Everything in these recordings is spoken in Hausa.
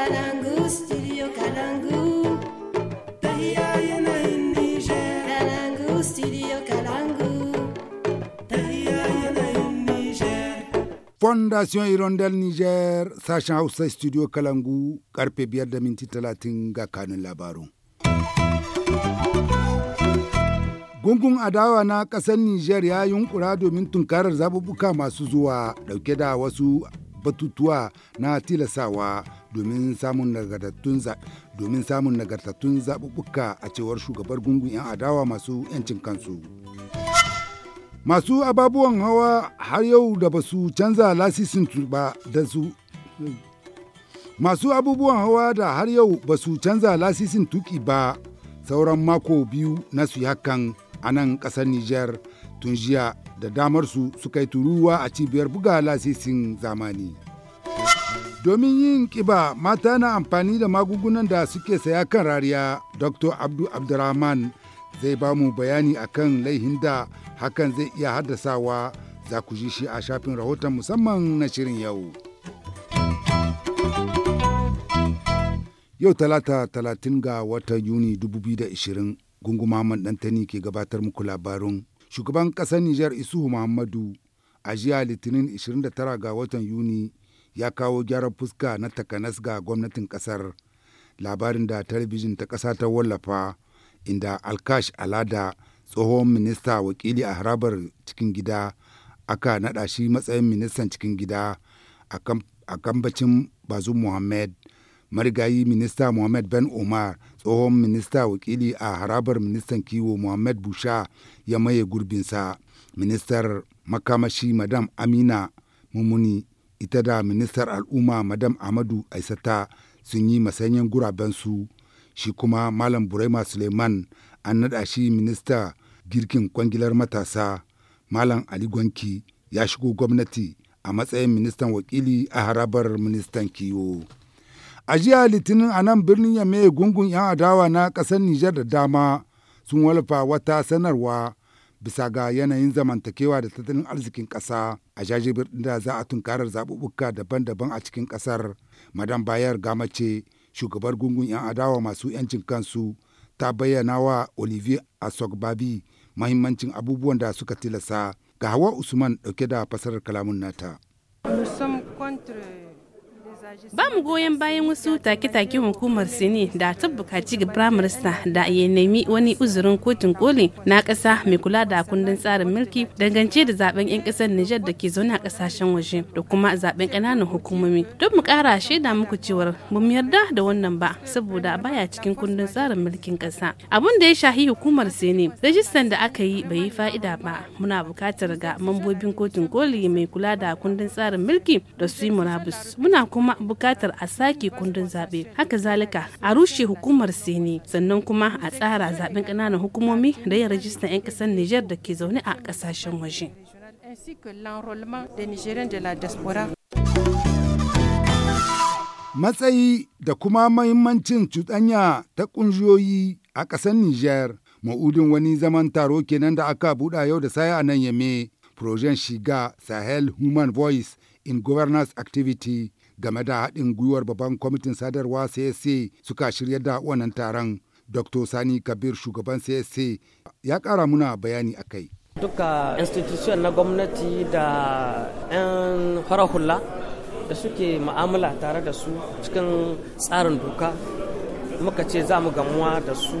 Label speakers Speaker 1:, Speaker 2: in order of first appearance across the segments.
Speaker 1: Kalangu, studio
Speaker 2: Fondation Hirondelle Niger, sashen Hausa studio Kalangu, karpe biyar da minti talatin ga kanun labarun. Gungun adawa na ƙasar Nijar ya yunkura domin tunkarar zaɓuɓɓuka masu zuwa dauke da wasu batutuwa na tilasawa domin samun nagartattun domin samun nagartattun zaɓuɓɓuka a cewar shugabar gungun 'yan adawa masu 'yancin kansu. Masu ababuwan hawa har yau da ba canza lasisin ba da su Masu abubuwan hawa da har yau ba su canza lasisin tuki ba sauran mako biyu na su hakan a nan ƙasar Nijar tun jiya da damar su suka yi turuwa a cibiyar buga lasisin zamani. Domin yin ƙiba mata na amfani da magungunan da suke saya kan rariya, Dr. Abdu Abdurrahman zai ba mu bayani akan laihin da hakan zai iya haddasawa za ku ji shi a shafin rahoton musamman na shirin yau. Yau talata talatin ga watan Yuni 2020 gunguma man ke gabatar muku labarun. Shugaban ƙasar Nijar Isuhu Muhammadu a jiya Litinin 29 ga watan Yuni ya kawo gyaran fuska na takanas ga gwamnatin kasar labarin da talabijin ta ƙasa ta wallafa inda alkash alada tsohon minista wakili a harabar cikin gida aka naɗa shi matsayin ministan cikin gida a kambacin bazu muhammad marigayi minista Mohamed Ben Omar tsohon minista wakili a harabar ministan kiwo Mohamed Busha ya maye gurbinsa ministar makamashi Madam Amina Mumuni ita da ministar al'umma madam Amadu Aisata sun yi masanyan gurabensu shi kuma Malam Burema Suleiman an naɗa shi minista girkin kwangilar matasa Malam Ali Gwanki ya shigo gwamnati a matsayin ministan wakili a harabar ministan kiwo. A jiya litinin a nan birnin Yame gungun 'yan adawa na ƙasar Nijar da dama sun walfa wata sanarwa bisa ga yanayin zamantakewa da tattalin arzikin ƙasa a jajibir da za a tunkarar zaɓuɓɓuka daban-daban a cikin ƙasar madan bayar ce shugabar gungun 'yan adawa masu 'yancin kansu ta bayyana wa olivier asogbabi mahimmancin abubuwan da suka tilasa ga hawa usman ɗauke da fasarar kalamun nata.
Speaker 1: Ba mu goyon bayan wasu take-take hukumar Sini da ta bukaci ga firaminista da ya nemi wani uzurin kotun koli na ƙasa mai kula da kundin tsarin mulki dangance da zaben 'yan ƙasar Nijar da ke zaune a ƙasashen waje da kuma zaben ƙananan hukumomi. Don mu ƙara shaida muku cewar ba mu yarda da wannan ba saboda baya cikin kundin tsarin mulkin ƙasa. Abun da ya shahi hukumar Sini, rajistan da aka yi bai yi fa'ida ba. Muna buƙatar ga mambobin kotun koli mai kula da kundin tsarin mulki da su yi murabus. Muna kuma bukatar a sake kundin zaɓe haka zalika a rushe hukumar sini sannan kuma a tsara zaɓen ƙananan hukumomi da yin rajistan 'yan ƙasar niger da ke zaune a ƙasashen waje
Speaker 2: matsayi da kuma mahimmancin cuɗanya ta ƙungiyoyi a ƙasar Nijar. Ma'udin wani zaman taro kenan da aka buɗa yau da saya a nan yame, Projen Shiga Sahel Human Voice in Governance Activity game da haɗin gwiwar babban kwamitin sadarwa CSC suka shirya da wannan taron. Dr. Sani Kabir shugaban CSC ya ƙara muna bayani a kai.
Speaker 1: Duka institution
Speaker 3: na gwamnati da 'yan hula da suke ma'amala tare da su cikin tsarin doka muka ce za mu gamuwa da su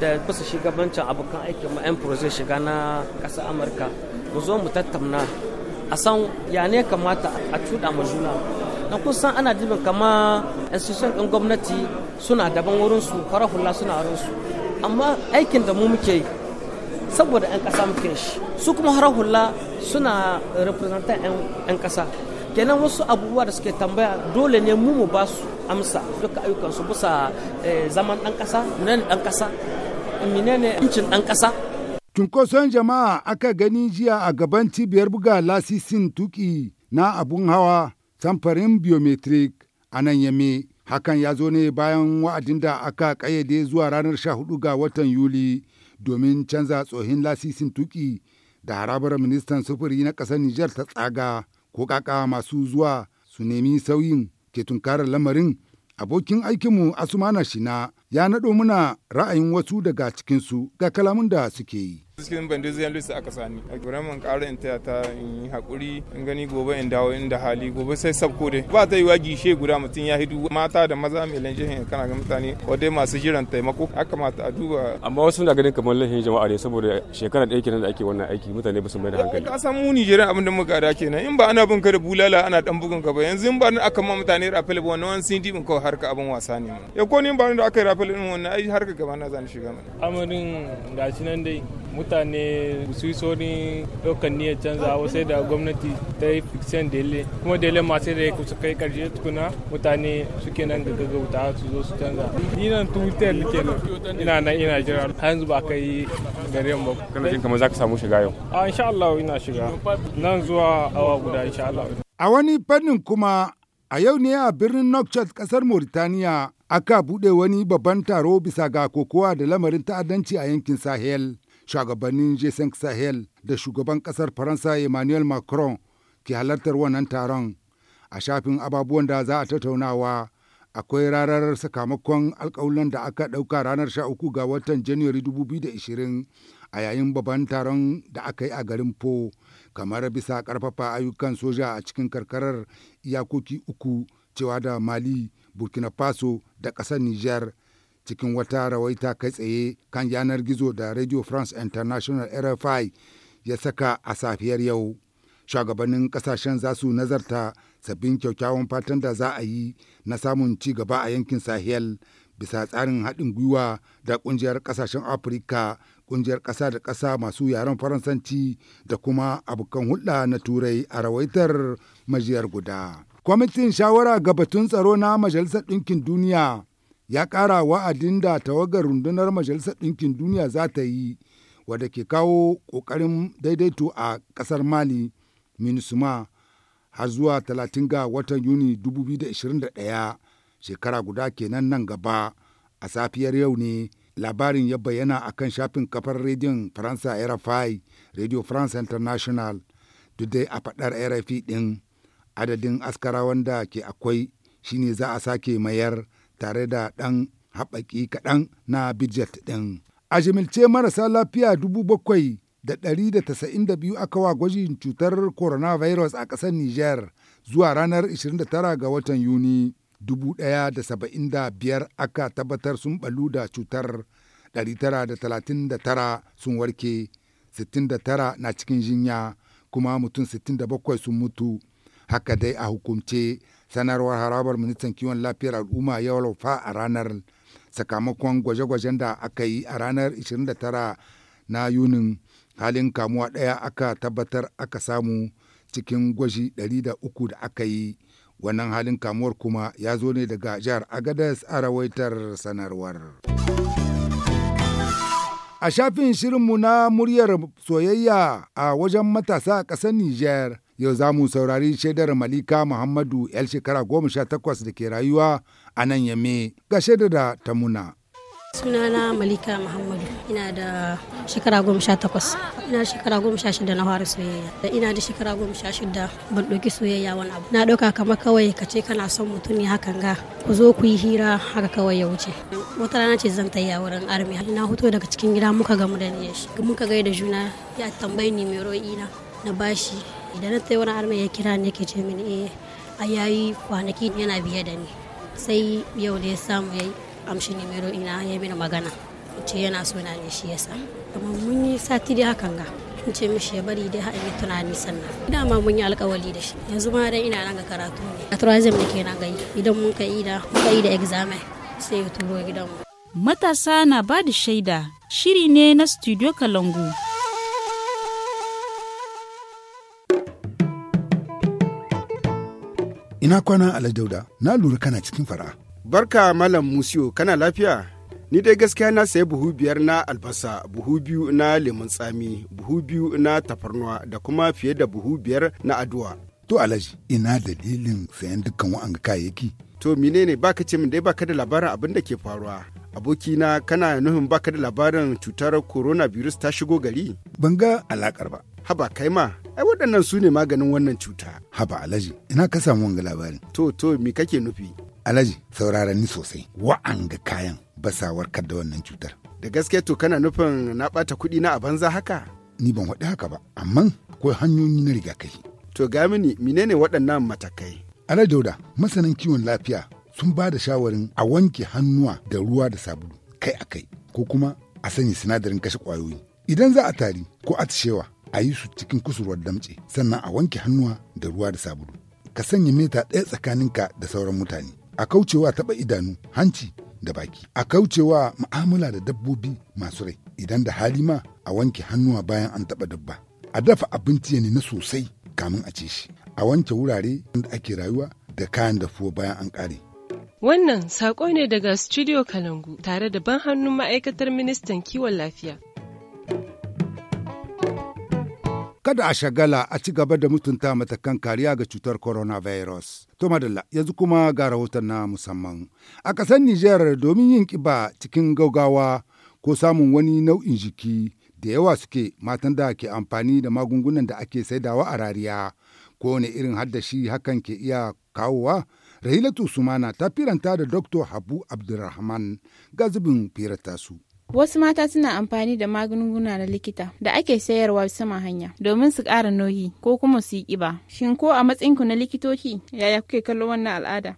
Speaker 3: da bisa shugabancin abokan aikin mu 'yan shiga na ƙasar Amurka mu zo mu tattauna a san ya ne kamata a cuɗa ma juna na kun san ana dibin kama institution din gwamnati suna daban wurin su farar suna wurin su amma aikin da mu muke yi saboda 'yan kasa muke shi su kuma harar hula suna representan 'yan kasa kenan wasu abubuwa da suke tambaya dole ne mu mu ba su amsa duka ayyukansu bisa eh, zaman dan kasa ɗan dan kasa menene incin dan kasa
Speaker 2: Cunkoson jama'a aka gani jiya a gaban cibiyar buga lasisin tuki na abun hawa Samfarin biometric a nan Yame hakan ya zo ne bayan wa'adin da aka kayyade zuwa ranar 14 ga watan Yuli domin canza tsohin lasisin tuki da harabar ministan sufuri na ƙasar Nijar ta tsaga ko kaka masu zuwa su nemi sauyin ke tunkarar lamarin abokin aikinmu Asumana Shina ya naɗo muna ra'ayin wasu daga cikinsu ga kalamun da suke yi.
Speaker 3: cikin zai list aka sani a guramin ƙara in taya ta in yi haƙuri in gani gobe in dawo in da hali gobe sai sabko dai ba ta yi wa gishe guda mutum ya hidu mata da maza mai lanjihin kana ga mutane ko dai masu jiran taimako ya kamata a duba amma wasu na ganin kamar lahin jama'a ne saboda shekara ɗaya kenan da ake wannan aiki mutane ba su mai da hankali ka san mu Nijeriya abin da muka da kenan in ba ana bin ka da bulala ana dan bugun ka ba yanzu in ba ni aka ma mutane rafel ba wannan sun dibin kawai harka abin wasa ne ya eh, ko ni ba ni da aka yi rafel din wannan ai harka gaba na zan shiga amarin gashi nan dai mutane su yi saurin ɗaukar niyyar canzawa sai da gwamnati ta yi fiksiyan dele kuma dele masu da ya kusa kai karshe tukuna mutane suke nan ga gaggauta su zo su canza ni nan twitter ke nan ina nan ina jira har yanzu ba yi gare mu ba kana jin kamar
Speaker 2: zaka samu shiga yau
Speaker 3: a insha Allah ina shiga nan zuwa awa guda insha Allah
Speaker 2: a wani fannin kuma a yau ne a birnin Nouakchott kasar Mauritania aka buɗe wani babban taro bisa ga kokowa da lamarin ta'addanci a yankin Sahel. shugabannin jason sahel da shugaban kasar faransa emmanuel macron ke halartar wannan taron a shafin ababuwan da za a tattaunawa akwai ranar sakamakon alkawulan da aka ɗauka ranar 13 ga watan janairu 2020 a yayin babban taron da aka yi a garin po kamar bisa karfafa ayyukan soja a cikin karkarar iyakoki uku cewa da mali burkina faso da ƙasar niger cikin wata rawaita kai tsaye kan yanar gizo da radio france international rfi ya saka a safiyar yau shugabannin kasashen za su nazarta sabbin kyakkyawan fatan da za a yi na samun ci gaba a yankin sahel bisa tsarin haɗin gwiwa da ƙungiyar ƙasashen afirka ƙungiyar ƙasa da ƙasa masu yaren faransanci da kuma abokan hulɗa na turai a rawaitar majiyar guda kwamitin shawara ga batun tsaro na majalisar ɗinkin duniya ya ƙara wa'adin da tawagar rundunar Majalisar Ɗinkin Duniya za ta yi wadda ke kawo ƙoƙarin daidaito a ƙasar Mali, Minisuma, har zuwa 30 ga watan Yuni 2021 shekara guda kenan nan gaba a safiyar yau ne. labarin ya bayyana a kan shafin kafar rediyon faransa rfi radio france international duk dai a faɗar rfi ɗin adadin askara wanda ke akwai shine za a sake mayar tare da ɗan haɓaki kaɗan na bijet ɗin. A jimilce marasa lafiya dubu bakwai da ɗari da tasa'in da biyu aka wa gwajin cutar coronavirus a ƙasar Nijar zuwa ranar 29 ga watan Yuni. Dubu ɗaya da saba'in da biyar aka tabbatar sun ɓalu da cutar ɗari tara da da talatin tara sun warke, sittin da tara na cikin jinya kuma mutum sittin da bakwai sun mutu. Haka dai a hukumce sanarwar harabar ministan kiwon lafiyar al'umma ya walfa a ranar sakamakon gwaje-gwajen da aka yi a ranar 29 na yunin halin kamuwa ɗaya aka tabbatar aka samu cikin gwaji 300 da aka yi wannan halin kamuwar kuma ya zo ne daga jihar agadas a rawaitar sanarwar a shafin shirinmu na muryar soyayya a wajen matasa a ƙasar niger Yau za mu saurari shaidar Malika Muhammadu 'yar shekara goma sha takwas da ke rayuwa a nan Yame ga shaidar da ta muna.
Speaker 1: sunana malika muhammadu ina da shekara goma sha takwas ina shekara goma sha shida na fara soyayya da ina da shekara goma sha shida ban ɗauki soyayya wani abu na ɗauka kamar kawai ka ce kana son mutum ne hakan ga ku zo ku yi hira haka kawai ya wuce wata rana ce zan tayya wurin army na hoto daga cikin gida muka gamu da ni muka gaida juna ya tambayi ni mai ro'ina na bashi idan na tsaye wani arme ya kira ne yake ce mini eh a yayi kwanaki yana biye da ni sai yau da ya samu ya amshi nimero ina ya mini magana ce yana so na ne shi yasa amma mun yi sati dai hakan ga in ce mishi ya bari dai haɗin tunani sannan ma mun yi alkawali da shi yanzu ma dan ina nan ga karatu ne A turazim ne kenan yi. idan mun ka ida mun ka ida examen sai ya turo gidanmu matasa na ba da shaida shiri ne na studio kalangu
Speaker 2: Ina kwana Alhaji Dauda, na lura kana cikin fara'a.
Speaker 3: Barka Malam Musiyo, kana lafiya? Ni dai gaskiya na sayi buhu biyar na albasa, buhu biyu na lemun tsami, buhu biyu na tafarnuwa da kuma fiye da buhu biyar na aduwa.
Speaker 2: To Alhaji, ina dalilin sayan dukkan wa'anga
Speaker 3: kayayyaki. To menene baka ce min dai baka da labarin abin da ke faruwa? Abokina kana nufin baka da labarin cutar coronavirus ta shigo gari? Ban ga alakar ba. haba kai ma ai waɗannan su ne maganin wannan cuta
Speaker 2: haba alaji ina ka samu wanga labarin
Speaker 3: to to me kake nufi
Speaker 2: alaji saurara sosai wa'anga kayan basawar da wannan cutar
Speaker 3: da gaske to kana nufin na ɓata kuɗi na a banza haka
Speaker 2: ni ban waɗi haka ba amma akwai hanyoyi na riga kai.
Speaker 3: to ga mini menene waɗannan matakai
Speaker 2: alaji dauda masanin kiwon lafiya sun ba da shawarin a wanke hannuwa da ruwa da sabulu kai a kai ko kuma a sanya sinadarin kashe ƙwayoyi idan za a tari ko atishewa a yi su cikin kusurwar damce sannan a wanke hannuwa da ruwa da sabulu ka sanya mita ɗaya tsakaninka da sauran mutane a kaucewa taɓa idanu hanci da baki a kaucewa mu'amala da dabbobi masu rai idan da hali ma a wanke hannuwa bayan an taɓa dabba a dafa abinci ya na sosai kamin a ci shi a wanke wurare da ake rayuwa da kayan dafuwa bayan an ƙare
Speaker 3: Wannan saƙo ne daga Studio Kalangu tare da ban hannun ma'aikatar ministan kiwon lafiya.
Speaker 2: kada a shagala a ci gaba da mutunta matakan kariya ga cutar coronavirus. To madalla yanzu kuma ga rahoton na musamman. A ƙasar Nijar domin yin ƙiba cikin gaugawa ko samun wani nau'in jiki da yawa suke matan da ke amfani da magungunan da ake saidawa a rariya. Kowane irin haddashi hakan ke iya kawowa. Rahilatu Sumana ta firanta da Dr. Habu Abdulrahman ga firata su.
Speaker 3: Wasu mata suna amfani da magunguna na likita da ake sayarwa sama hanya domin su ƙara nauyi ko kuma su yi ƙiba. Shin ko a matsayinku na likitoci yaya kuke kallo wannan al'ada?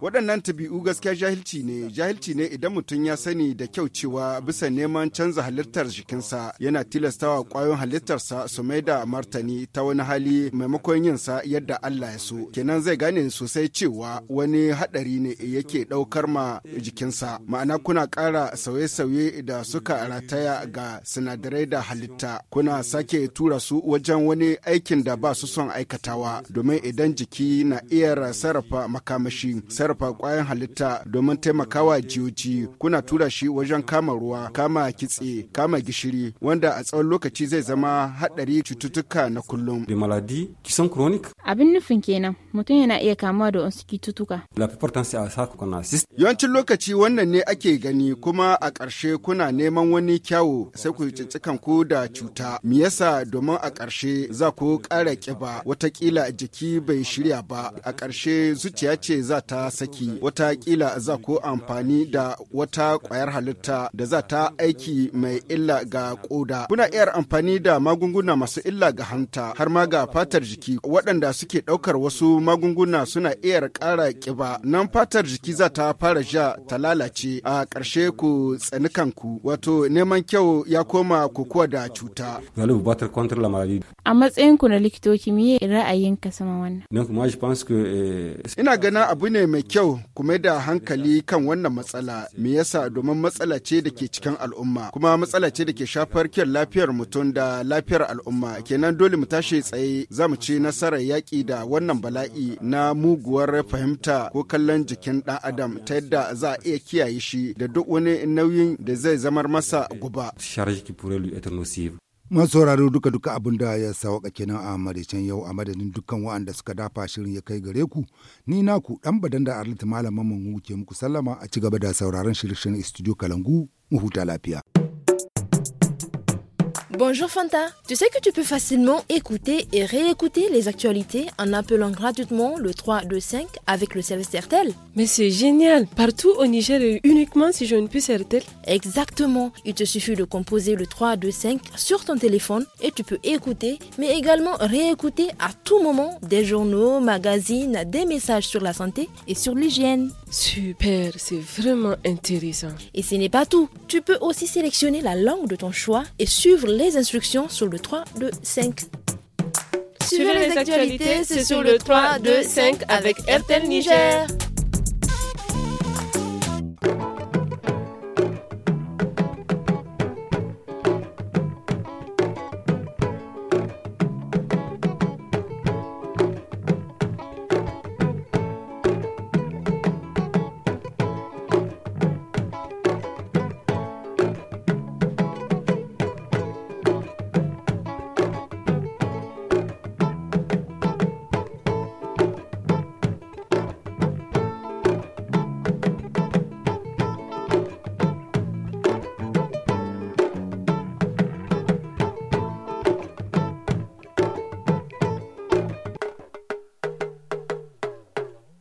Speaker 3: Waɗannan tabi'u gaskiya jahilci ne, jahilci ne idan mutum ya sani da kyau cewa bisa neman canza halittar jikinsa yana tilastawa ƙwayoyin halittarsa su mai da martani ta wani hali maimakon yin sa yadda Allah ya so. Kenan zai gane sosai cewa wani haɗari ne yake ɗaukar ma jikinsa. Ma'ana kuna ƙara tsara sauye-sauye da suka rataya ga sinadarai da halitta kuna sake tura su wajen wani aikin da ba su son aikatawa domin idan jiki na iya sarrafa makamashi sarrafa kwayan halitta domin taimakawa jiyoji kuna tura shi wajen kama ruwa kama kitse kama gishiri wanda a tsawon lokaci zai zama haɗari cututtuka na kullum
Speaker 1: abin nufin kenan mutum yana iya kamuwa da wasu cututtuka
Speaker 3: yawancin lokaci wannan ne ake gani kuma a ƙarshe kuna neman wani kyawu sai ku yi ku da cuta me yasa domin a ƙarshe za ku ƙara ƙiba watakila jiki bai shirya ba a ƙarshe zuciya ce za ta saki watakila za ku amfani da wata ƙwayar halitta da za ta aiki mai illa ga ƙoda kuna iyar amfani da magunguna masu illa ga hanta har ma ga fatar jiki waɗanda suke ɗaukar wasu magunguna suna iyar ƙara ƙiba nan fatar jiki za ta fara ja ta lalace a ƙarshe ku tsani kanku wato neman kyau ya koma kuwa da cuta. A matsayin na likitoci miye ra'ayin ka sama wannan? Eh, Ina gana abu ne mai kyau kuma da hankali kan wannan matsala me yasa domin matsala ce da ke cikin al'umma kuma matsala ce da ke shafar kyan lafiyar mutum da lafiyar al'umma kenan dole mu tashi tsaye za mu ci nasarar yaƙi da wannan bala'i na muguwar fahimta ko kallon jikin ɗan adam ta yadda za a iya kiyaye shi da duk wani wani nauyin da zai zamar masa guba.
Speaker 2: sauraro duka duka abin da ya sawaka kenan a maraicen yau a madadin dukkan wa'anda suka dafa shirin ya kai gare ku ni ku dan badan da arlita malaman mu ke muku sallama a ci gaba da sauraron shirin shirin studio kalangu mu huta lafiya.
Speaker 3: Bonjour Fanta, tu sais que tu peux facilement écouter et réécouter les actualités en appelant gratuitement le 325 avec le service RTL. Mais c'est génial, partout au Niger et uniquement si je ne puisse RTL.
Speaker 1: Exactement, il te suffit de composer le 325 sur ton téléphone et tu peux écouter mais également réécouter à tout moment des journaux, magazines, des messages sur la santé et sur l'hygiène. Super, c'est vraiment intéressant. Et ce n'est pas tout. Tu peux aussi sélectionner la langue de ton choix et suivre les instructions sur le 3, 2, 5. Suivez les actualités, c'est sur le 3, 2, 5 avec RTL Niger.